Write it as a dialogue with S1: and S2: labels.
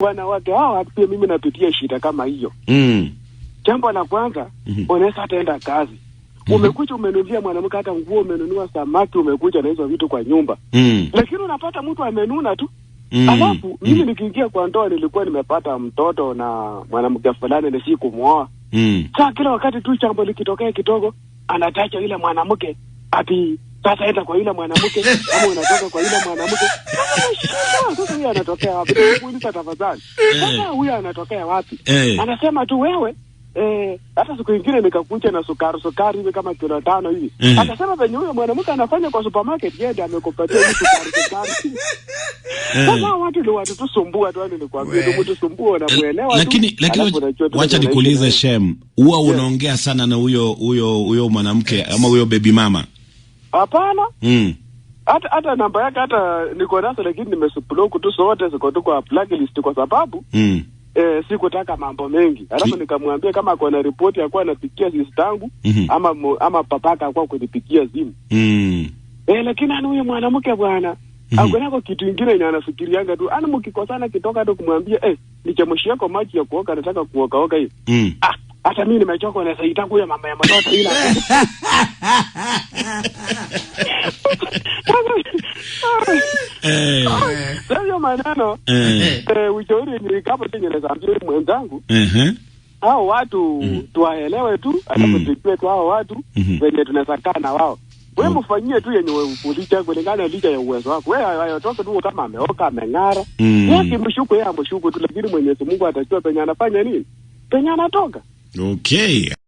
S1: wanawake hawa pia mimi napitia shida kama hiyo. Mm. Jambo la kwanza, mm -hmm. unaweza ataenda kazi. Mm -hmm. Umekuja umenunulia mwanamke hata nguo, umenunua samaki, umekuja na hizo vitu kwa nyumba. Mm. Lakini unapata mtu amenuna tu. Mm. Alafu mm. mimi mm. nikiingia kwa ndoa nilikuwa nimepata mtoto na mwanamke fulani na sikumwoa. Mm. saa kila wakati tu chambo likitokea kidogo anatacha yule mwanamke ati sasa enda kwa yule mwanamke ama unatoka kwa yule mwanamke anatokea wapi? Kuuliza eh. tafadhali, eh. sasa huyu anatokea wapi? Eh. Anasema tu wewe Eh, hata siku nyingine nikakuja na sukari sukari hivi kama kilo tano hivi. Mm. Akasema venye huyo mwanamke anafanya kwa supermarket yeye ndiye amekupatia hizo sukari sukari. Sasa watu ndio watu tusumbua tu, nilikwambia yaani ndio mtu sumbua na kuelewa.
S2: Lakini lakini wacha nikuulize Shem, huwa unaongea sana na huyo huyo huyo mwanamke ama huyo baby mama? Hapana. Mm
S1: hata hata namba yake hata niko nazo, lakini nimesublock tu zote, ziko tu kwa blacklist kwa sababu mm. E, sikutaka mambo mengi alafu nikamwambia kama kuna ripoti akuwa anapikia sista yangu mm -hmm. ama ama papaka akuwa kunipikia simu mm. eh, lakini ani huyo mwanamke bwana mm -hmm. akunako kitu ingine yenye anafikirianga tu ani mkikosana kitoka tu kumwambia eh, nichemushi yako maji ya kuoka, nataka kuokaoka hiyo mm. ah, hata mi nimechoka, ya mama ya mtoto ila Hayo eh. ah, maneno eh. Eh, ushauri ni kama Kiingereza mzuri mwenzangu. Hao watu mm. tuwaelewe tu, mm. alafu tu hao watu wenye mm-hmm. tunaweza kaa na wao. Wewe mm. mfanyie tu yenye ulicha kulingana licha ya uwezo wako. Wewe hayotoke tu kama ameoka ameng'ara. Yeye kimshuku yeye amshuku tu, lakini Mwenyezi Mungu atajua penye anafanya nini. Penye anatoka.
S2: Okay.